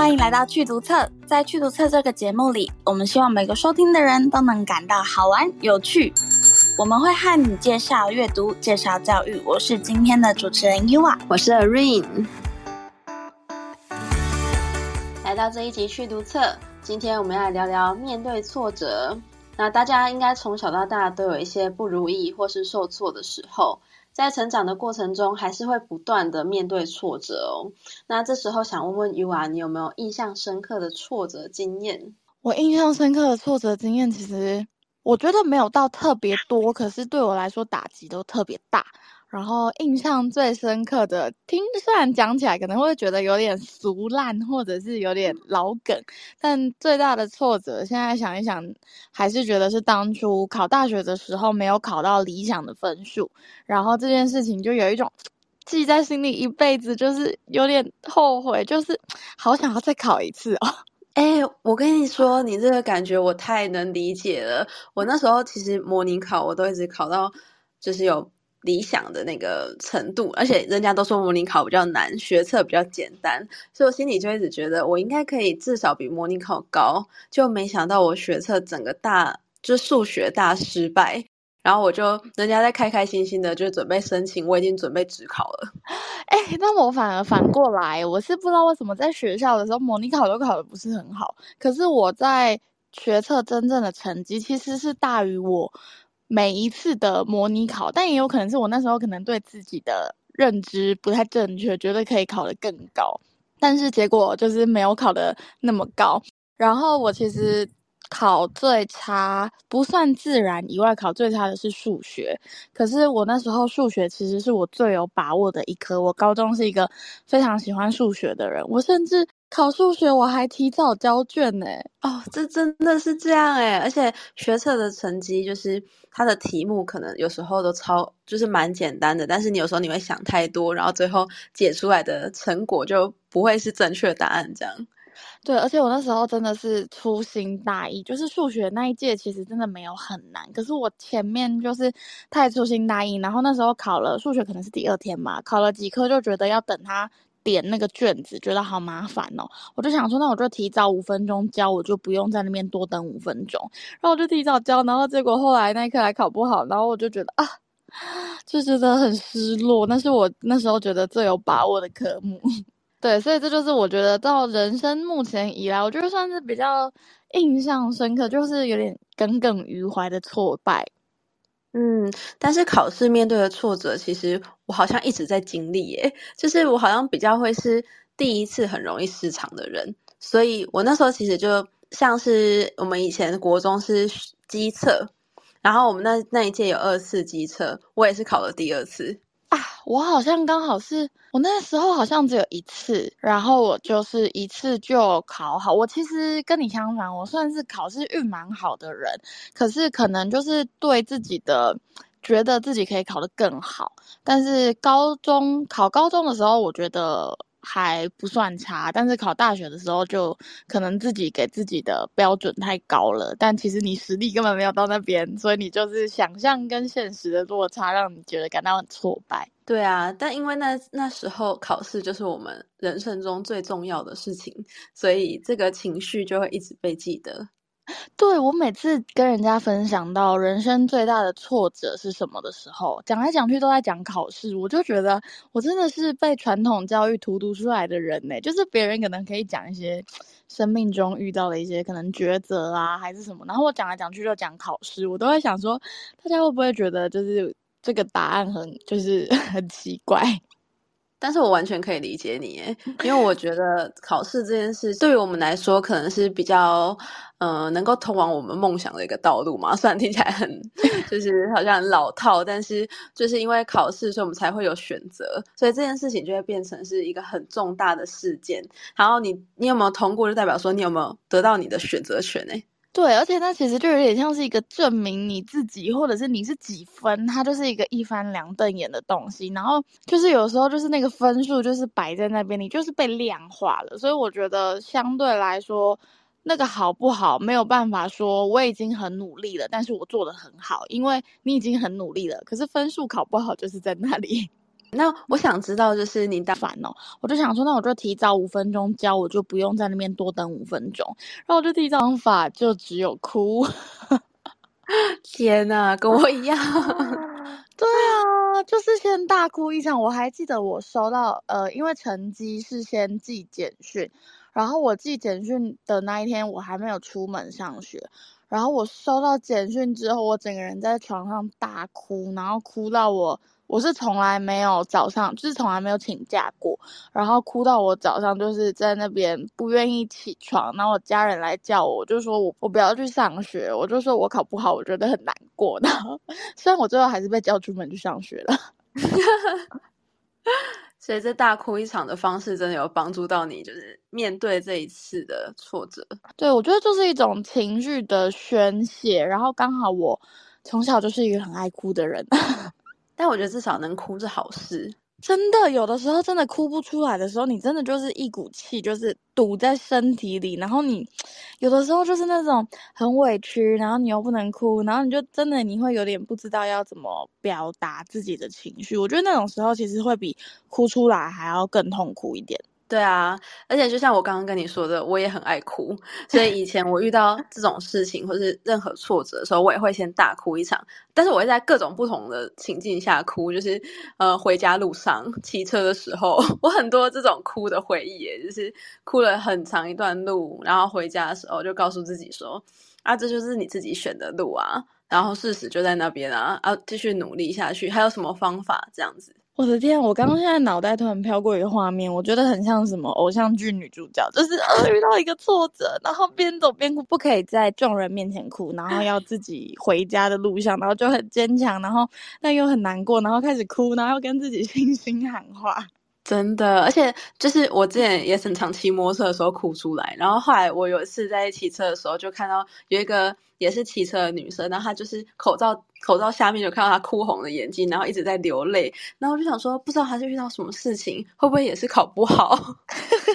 歡迎來到趣讀冊，在趣讀冊這個節目裡，我們希望每個收聽的人都能感到好玩有趣。我們會和你介紹閱讀，介紹教育。我是今天的主持人 Yua，我是 Arene。來到這一集趣讀冊，今天我們要來聊聊面對挫折。那大家應該從小到大都有一些不如意或是受挫的時候。在成長的過程中，還是會不斷的面對挫折哦。那這時候想問問伊娃啊，你有沒有印象深刻的挫折經驗？我印象深刻的挫折經驗，其實我覺得沒有到特別多，可是對我來說打擊都特別大。然後印象最深刻的，聽雖然講起來可能會覺得有點俗爛，或者是有點老梗，但最大的挫折，現在想一想，還是覺得是當初考大學的時候沒有考到理想的分數，然後這件事情就有一種記在心裡一輩子，就是有點後悔，就是好想要再考一次哦。欸，我跟你說，你這個感覺我太能理解了。我那時候其實模擬考我都一直考到，就是有。理想的那個程度，而且人家都說模擬考比較難，學測比較簡單，所以我心裡就一直覺得我應該可以至少比模擬考高，就沒想到我學測整個大就是數學大失敗，然後我就人家在開開心心的就準備申請，我已經準備指考了。誒、欸，那我反而反過來，我是不知道為什麼在學校的時候模擬考都考得不是很好，可是我在學測真正的成績其實是大於我。每一次的模擬考，但也有可能是我那時候可能對自己的認知不太正確，覺得可以考得更高，但是結果就是沒有考得那麼高。然後我其實考最差不算自然以外，考最差的是數學。可是我那時候數學其實是我最有把握的一科，我高中是一個非常喜歡數學的人，我甚至。考數學我還提早交卷呢？欸，哦，這真的是這樣誒、欸。而且學測的成績就是他的題目，可能有時候都超，就是蠻簡單的，但是你有時候你會想太多，然後最後解出來的成果就不會是正確答案。這樣，對，而且我那時候真的是粗心大意，就是數學那一屆其實真的沒有很難，可是我前面就是太粗心大意，然後那時候考了數學，可能是第二天嘛，考了幾科就覺得要等他。點那個卷子，覺得好麻煩哦，我就想說，那我就提早五分鐘交，我就不用在那邊多等五分鐘。然後我就提早交，然後結果後來那一科還考不好，然後我就覺得啊，就覺得很失落。那是我那時候覺得最有把握的科目，對，所以這就是我覺得到人生目前以來，我就算是比較印象深刻，就是有點耿耿於懷的挫敗。嗯，但是考試面對的挫折，其實我好像一直在經歷耶。就是我好像比較會是第一次很容易失常的人，所以我那時候其實就像是我們以前國中是基測，然後我們那那一屆有二次基測，我也是考了第二次。啊，我好像剛好是，我那時候好像只有一次，然後我就是一次就考好。我其實跟你相反，我算是考試運蠻好的人，可是可能就是對自己的，覺得自己可以考得更好。但是高中，考高中的時候我覺得。還不算差，但是考大學的時候就可能自己給自己的標準太高了，但其實你實力根本沒有到那邊，所以你就是想象跟現實的落差，讓你覺得感到很挫敗。對啊，但因為那那時候考試就是我們人生中最重要的事情，所以這個情緒就會一直被記得。對我每次跟人家分享到人生最大的挫折是什麼的時候，講來講去都在講考試，我就覺得我真的是被傳統教育荼毒出來的人呢。就是別人可能可以講一些生命中遇到的一些可能抉擇啊，還是什麼，然後我講來講去就講考試，我都會想說，大家會不會覺得就是這個答案很就是很奇怪？但是我完全可以理解你誒，因為我覺得考試這件事對於我們來說，可能是比較，嗯、呃，能夠通往我們夢想的一個道路嘛。雖然聽起來很，就是好像很老套，但是就是因為考試，所以我們才會有選擇，所以這件事情就會變成是一個很重大的事件。然後你你有沒有通過，就代表說你有沒有得到你的選擇權誒。對，而且它其實就有點像是一個證明你自己，或者是你是幾分，它就是一個一翻兩瞪眼的東西。然後就是有時候就是那個分數就是擺在那邊，你就是被量化了。所以我覺得相對來說，那個好不好沒有辦法說我已經很努力了，但是我做得很好，因為你已經很努力了。可是分數考不好就是在那裡。那我想知道，就是你大煩哦，我就想說，那我就提早五分鐘交，我就不用在那邊多等五分鐘。然後我就第一種方法就只有哭， 天吶、啊、跟我一樣，啊 對啊，就是先大哭一場。我還記得我收到，呃，因為成績是先寄簡訊，然後我寄簡訊的那一天，我還沒有出門上學。然後我收到簡訊之後，我整個人在床上大哭，然後哭到我。我是從來沒有早上，就是從來沒有請假過，然後哭到我早上就是在那邊不願意起床，然後我家人來叫我，就說我我不要去上學，我就說我考不好，我覺得很難過的，雖然我最後還是被叫出門去上學了，所以這大哭一場的方式真的有幫助到你，就是面對這一次的挫折？對，我覺得就是一種情緒的宣洩，然後剛好我從小就是一個很愛哭的人。但我覺得至少能哭是好事。真的，有的時候真的哭不出來的時候，你真的就是一股氣，就是堵在身體裡。然後你有的時候就是那種很委屈，然後你又不能哭，然後你就真的你會有點不知道要怎麼表達自己的情緒。我覺得那種時候其實會比哭出來還要更痛苦一點。對啊，而且就像我剛剛跟你說的，我也很愛哭，所以以前我遇到這種事情 或是任何挫折的時候，我也會先大哭一場。但是我會在各種不同的情境下哭，就是呃回家路上騎車的時候，我很多這種哭的回憶耶，就是哭了很長一段路，然後回家的時候就告訴自己說：啊，這就是你自己選的路啊，然後事實就在那邊啊，啊，繼續努力下去，還有什麼方法這樣子？我的天啊！我剛剛現在腦袋突然飄過一個畫面，我覺得很像什麼偶像劇女主角，就是呃、啊，遇到一個挫折，然後邊走邊哭，不可以在眾人面前哭，然後要自己回家的路上，然後就很堅強，然後但又很難過，然後開始哭，然後跟自己心心喊話。真的，而且就是我之前也很常騎摩托車的時候哭出來，然後後來我有一次在騎車的時候，就看到有一個也是騎車的女生，然後她就是口罩，口罩下面就看到她哭紅的眼睛，然後一直在流淚，然後我就想說，不知道她是遇到什麼事情，會不會也是考不好？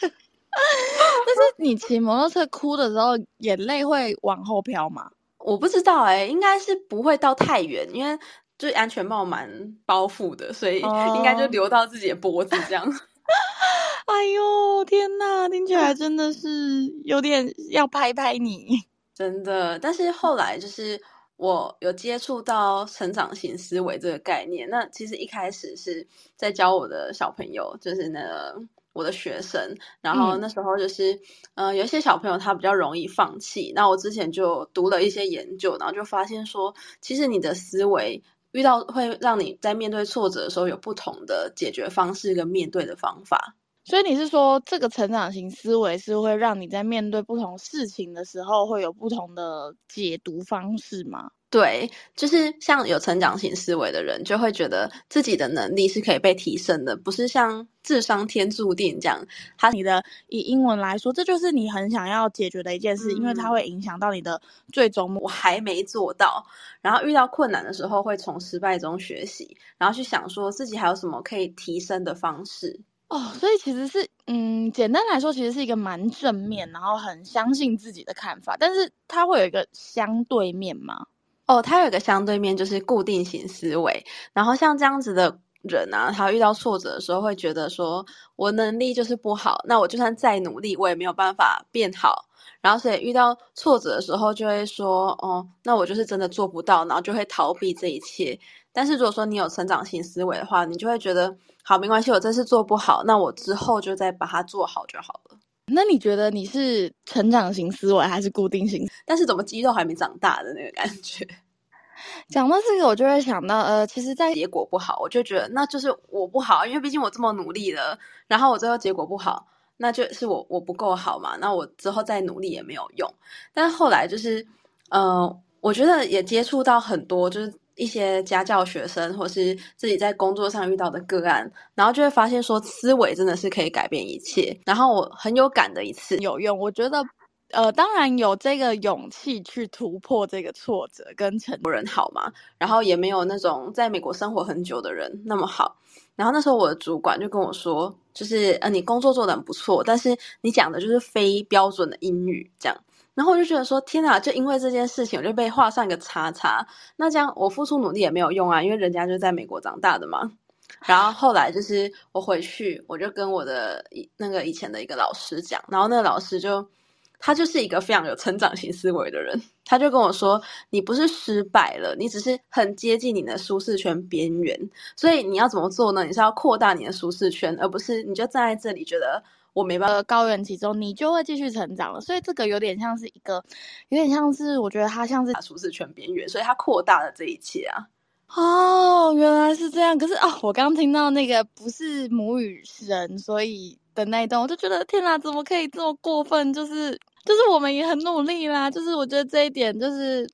但是你騎摩托車哭的時候，眼淚會往後飄嗎？我不知道誒，應該是不會到太遠，因為。就是安全帽蠻包覆的，所以應該就留到自己的脖子這樣。Uh. 哎呦天吶，聽起來真的是有點要拍拍你。真的，但是後來就是我有接觸到成長型思維這個概念。那其實一開始是在教我的小朋友，就是那個我的學生。然後那時候就是，嗯，呃、有一些小朋友他比較容易放棄。那我之前就讀了一些研究，然後就發現說，其實你的思維。遇到會讓你在面對挫折的時候有不同的解決方式跟面對的方法。所以你是說這個成長型思維是會讓你在面對不同事情的時候會有不同的解讀方式嗎？對，就是像有成長型思維的人，就會覺得自己的能力是可以被提升的，不是像智商天注定這樣。他你的以英文來說，這就是你很想要解決的一件事，嗯，因為它會影響到你的最終目的。我還沒做到。然後遇到困難的時候，會從失敗中學習，然後去想說自己還有什麼可以提升的方式。哦，所以其實是嗯，簡單來說，其實是一個蠻正面，然後很相信自己的看法。但是他會有一個相對面嗎？哦，oh, 他有一個相對面就是固定型思維，然後像這樣子的人呢、啊，他遇到挫折的時候會覺得說，我能力就是不好，那我就算再努力，我也沒有辦法變好。然後所以遇到挫折的時候就會說，哦，那我就是真的做不到，然後就會逃避這一切。但是如果說你有成長型思維的話，你就會覺得，好，沒關係，我這次做不好，那我之後就再把它做好就好了。那你覺得你是成長型思維還是固定型？但是怎麼肌肉還沒長大的那個感覺？講到這個，我就會想到，呃，其實在結果不好，我就覺得那就是我不好，因為畢竟我這麼努力了，然後我最後結果不好，那就是我我不夠好嘛。那我之後再努力也沒有用。但後來就是，呃，我覺得也接觸到很多，就是。一些家教學生，或是自己在工作上遇到的個案，然後就會發現說，思維真的是可以改變一切。然後我很有感的一次有用，我覺得，呃，當然有這個勇氣去突破這個挫折，跟成都人好嘛？然後也沒有那種在美國生活很久的人那麼好。然後那時候我的主管就跟我說，就是呃，你工作做得很不錯，但是你講的就是非標準的英語，這樣。然後我就覺得說，天哪！就因為這件事情，我就被畫上一個叉叉。那這樣我付出努力也沒有用啊，因為人家就在美國長大的嘛。然後後來就是我回去，我就跟我的那個以前的一個老師講，然後那個老師就，他就是一個非常有成長型思維的人，他就跟我說：“你不是失敗了，你只是很接近你的舒適圈邊緣。所以你要怎麼做呢？你是要擴大你的舒適圈，而不是你就站在這裡覺得。”我沒辦法，高原其中，你就會繼續成長了，所以這個有點像是一個，有點像是我覺得它像是把舒適圈邊緣，所以它擴大了這一切啊！哦，原來是這樣。可是啊、哦，我剛聽到那個不是母語人所以的那一段，我就覺得天哪，怎麼可以這麼過分？就是就是我們也很努力啦，就是我覺得這一點就是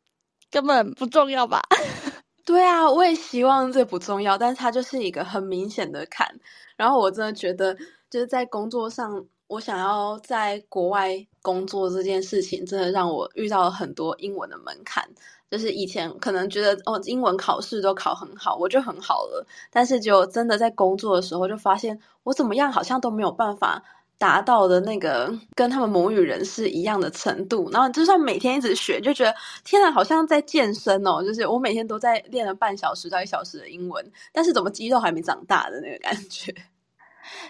根本不重要吧？ 對啊，我也希望這不重要，但是它就是一個很明顯的坎。然後我真的覺得。其實在工作上，我想要在國外工作這件事情，真的讓我遇到了很多英文的門檻。就是以前可能覺得哦，英文考試都考很好，我就很好了。但是就真的在工作的時候，就發現我怎麼樣好像都沒有辦法達到的那個跟他們母語人士一樣的程度。然後就算每天一直學，就覺得天吶，好像在健身哦，就是我每天都在練了半小時到一小時的英文，但是怎麼肌肉還沒長大的那個感覺。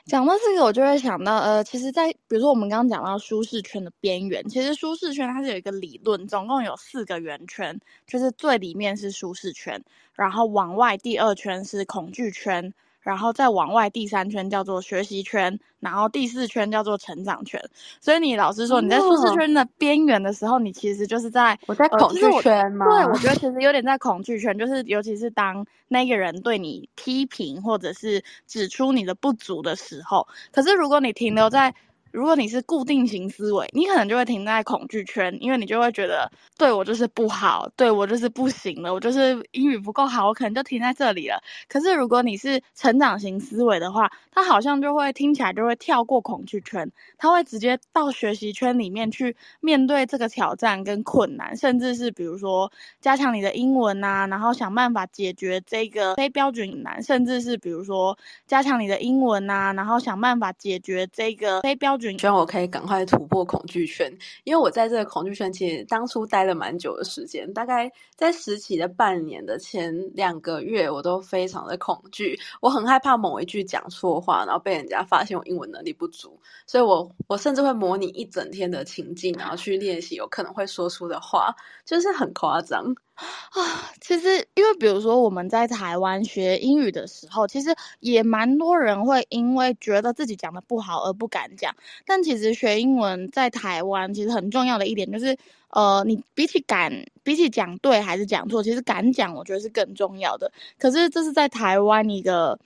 講到這個，我就會想到，呃，其實在，在比如說我們剛剛講到舒適圈的邊緣，其實舒適圈它是有一個理論，總共有四個圓圈，就是最裡面是舒適圈，然後往外第二圈是恐懼圈。然後再往外第三圈叫做學習圈，然後第四圈叫做成長圈。所以你老實說，嗯，你在舒適圈的邊緣的時候，嗯，你其實就是在，我在恐懼圈嘛，哦，就是。對，我覺得其實有點在恐懼圈，就是尤其是當那個人對你批評或者是指出你的不足的時候。可是如果你停留在，嗯如果你是固定型思維，你可能就會停在恐懼圈，因為你就會覺得對我就是不好，對我就是不行了，我就是英語不夠好，我可能就停在這裡了。可是如果你是成長型思維的話，他好像就會聽起來就會跳過恐懼圈，他會直接到學習圈裡面去面對這個挑戰跟困難，甚至是比如說加強你的英文啊，然後想辦法解決這個非標準難，甚至是比如說加強你的英文啊，然後想辦法解決這個非標準。希望我可以趕快突破恐懼圈，因為我在這個恐懼圈，其實當初待了蠻久的時間。大概在實習的半年的前兩個月，我都非常的恐懼，我很害怕某一句講錯話，然後被人家發現我英文能力不足，所以我我甚至會模擬一整天的情境，然後去練習，有可能會說出的話，就是很誇張。啊，其實因為比如說我們在台灣學英語的時候，其實也蠻多人會因為覺得自己講得不好而不敢講。但其實學英文在台灣其實很重要的一點就是，呃，你比起敢，比起講對還是講錯，其實敢講我覺得是更重要的。可是這是在台灣一個。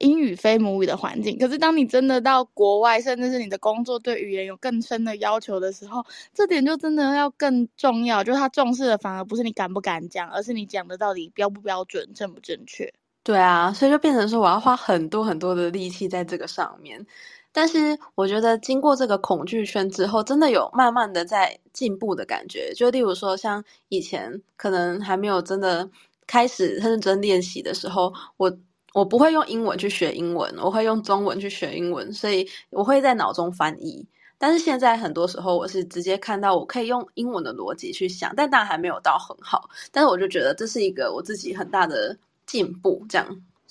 英語非母語的環境，可是當你真的到國外，甚至是你的工作對語言有更深的要求的時候，這點就真的要更重要。就是他重視的反而不是你敢不敢講，而是你講的到底標不標準、正不正確。對啊，所以就變成說我要花很多很多的力氣在這個上面。但是我覺得經過這個恐懼圈之後，真的有慢慢的在進步的感覺。就例如說，像以前可能還沒有真的開始認真練習的時候，我。我不會用英文去學英文，我會用中文去學英文，所以我會在腦中翻譯。但是現在很多時候，我是直接看到，我可以用英文的邏輯去想，但當然還沒有到很好。但是我就覺得這是一個我自己很大的進步。這樣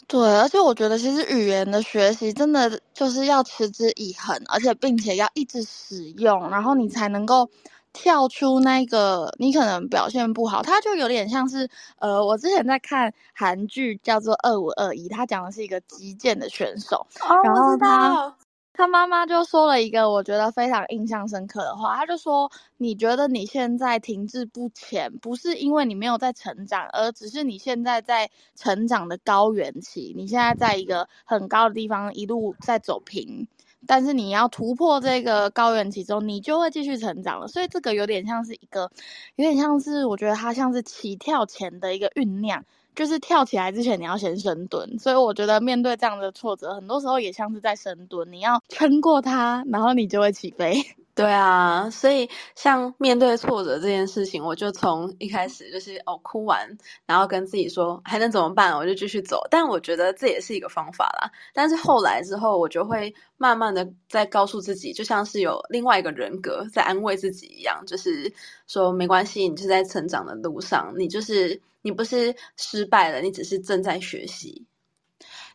對，而且我覺得其實語言的學習真的就是要持之以恆，而且並且要一直使用，然後你才能夠跳出那個，你可能表現不好，他就有點像是，呃，我之前在看韓劇叫做《二五二一》，他講的是一個擊劍的選手，然後他、哦、我知道，他媽媽就說了一個我覺得非常印象深刻的話，他就說，你覺得你現在停滯不前，不是因為你沒有在成長，而只是你現在在成長的高原期，你現在在一個很高的地方一路在走平。但是你要突破這個高原期之後，你就會繼續成長了。所以這個有點像是一個，有點像是我覺得它像是起跳前的一個醞釀，就是跳起來之前你要先深蹲。所以我覺得面對這樣的挫折，很多時候也像是在深蹲，你要撐過它，然後你就會起飛。對啊，所以像面對挫折這件事情，我就從一開始就是哦哭完，然後跟自己說還能怎麼辦？我就繼續走。但我覺得這也是一個方法啦。但是後來之後，我就會慢慢的再告訴自己，就像是有另外一個人格在安慰自己一樣，就是說沒關係，你是在成長的路上，你就是你不是失敗了，你只是正在學習。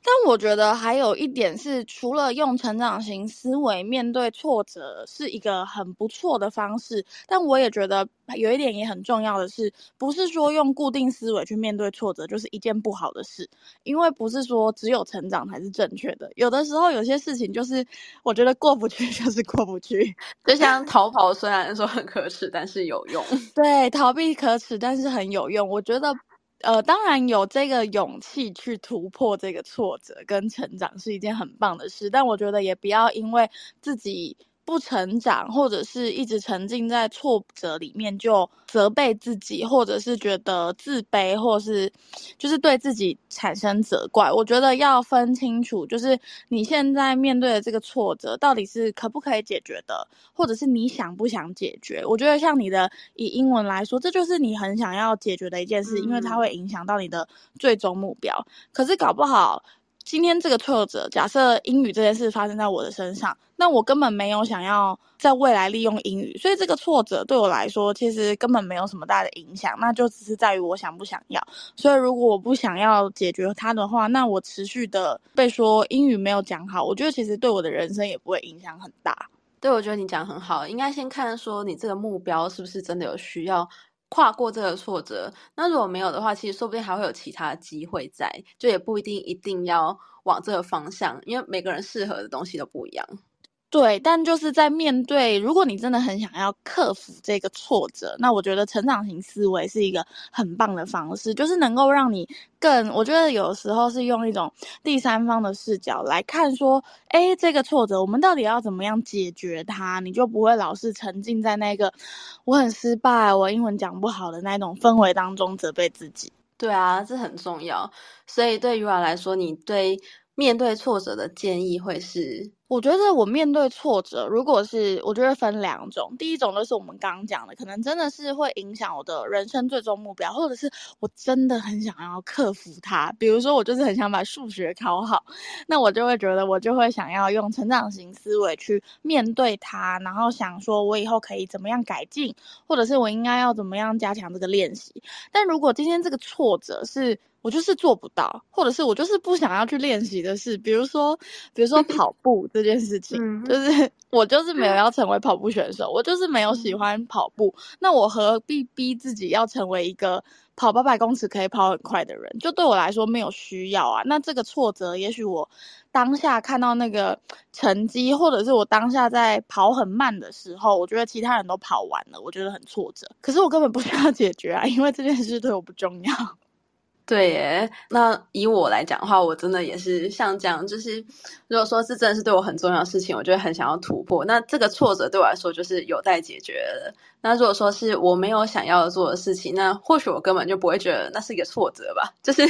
但我覺得還有一點是，除了用成長型思維面對挫折是一個很不錯的方式，但我也覺得有一點也很重要的是，不是說用固定思維去面對挫折就是一件不好的事，因為不是說只有成長才是正確的。有的時候有些事情就是，我覺得過不去就是過不去，就像逃跑雖然說很可恥，但是有用。 對，逃避可恥，但是很有用。我覺得。呃，當然有這個勇氣去突破這個挫折跟成長是一件很棒的事，但我覺得也不要因為自己。不成長，或者是一直沉浸在挫折裡面，就責備自己，或者是覺得自卑，或是就是對自己產生責怪。我覺得要分清楚，就是你現在面對的這個挫折到底是可不可以解決的，或者是你想不想解決。我覺得像你的以英文來說，這就是你很想要解決的一件事，嗯、因為它會影響到你的最終目標。可是搞不好，今天這個挫折，假設英語這件事發生在我的身上，那我根本沒有想要在未來利用英語，所以這個挫折對我來說其實根本沒有什麼大的影響，那就只是在於我想不想要。所以如果我不想要解決它的話，那我持續的被說英語沒有講好，我覺得其實對我的人生也不會影響很大。對，我覺得你講很好，應該先看說你這個目標是不是真的有需要跨過這個挫折。那如果沒有的話，其實說不定還會有其他機會在，就也不一定一定要往這個方向，因為每個人適合的東西都不一樣。對，但就是在面對，如果你真的很想要克服這個挫折，那我覺得成長型思維是一個很棒的方式，就是能夠讓你更。我覺得有時候是用一種第三方的視角來看，說，誒，這個挫折我們到底要怎麼樣解決它？你就不會老是沉浸在那個我很失敗，我英文講不好的那種氛圍當中責備自己。對啊，這很重要。所以對於我來說，你對面對挫折的建議會是。我覺得我面對挫折，如果是我覺得分兩種，第一種就是我們剛剛講的，可能真的是會影響我的人生最終目標，或者是我真的很想要克服它。比如說，我就是很想把數學考好，那我就會覺得，我就會想要用成長型思維去面對它，然後想說我以後可以怎麼樣改進，或者是我應該要怎麼樣加強這個練習。但如果今天這個挫折是，我就是做不到，或者是我就是不想要去練習的事，比如說，比如說跑步這件事情，就是我就是沒有要成為跑步選手，我就是沒有喜歡跑步，那我何必逼自己要成為一個跑八百公尺可以跑很快的人？就對我來說沒有需要啊。那這個挫折，也許我當下看到那個成績，或者是我當下在跑很慢的時候，我覺得其他人都跑完了，我覺得很挫折。可是我根本不需要解決啊，因為這件事對我不重要。對耶，那以我來講的話，我真的也是像這樣，就是如果說是真的是對我很重要的事情，我就會很想要突破。那這個挫折對我來說就是有待解決的。那如果說是我沒有想要做的事情，那或許我根本就不會覺得那是一個挫折吧。就是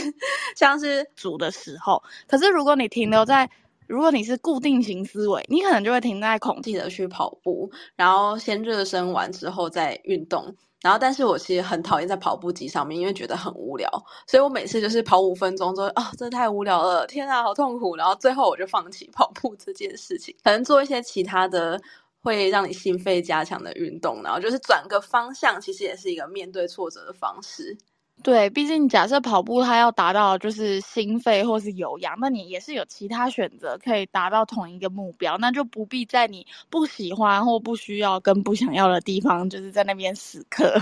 像是煮的時候，可是如果你停留在，如果你是固定型思維，你可能就會停在恐懼的去跑步，然後先熱身完之後再運動。然後，但是我其實很討厭在跑步機上面，因為覺得很無聊，所以我每次就是跑五分鐘之後，啊、哦，真的太無聊了，天啊，好痛苦。然後最後我就放棄跑步這件事情，可能做一些其他的會讓你心肺加強的運動，然後就是轉個方向，其實也是一個面對挫折的方式。對，畢竟假設跑步它要達到就是心肺或是有氧，那你也是有其他選擇可以達到同一個目標，那就不必在你不喜歡或不需要跟不想要的地方，就是在那邊死磕。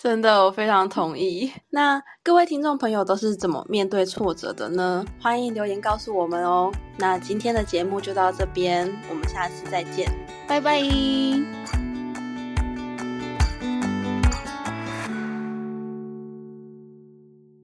真的，我非常同意。那各位聽眾朋友都是怎麼面對挫折的呢？歡迎留言告訴我們哦。那今天的節目就到這邊，我們下次再見，拜拜。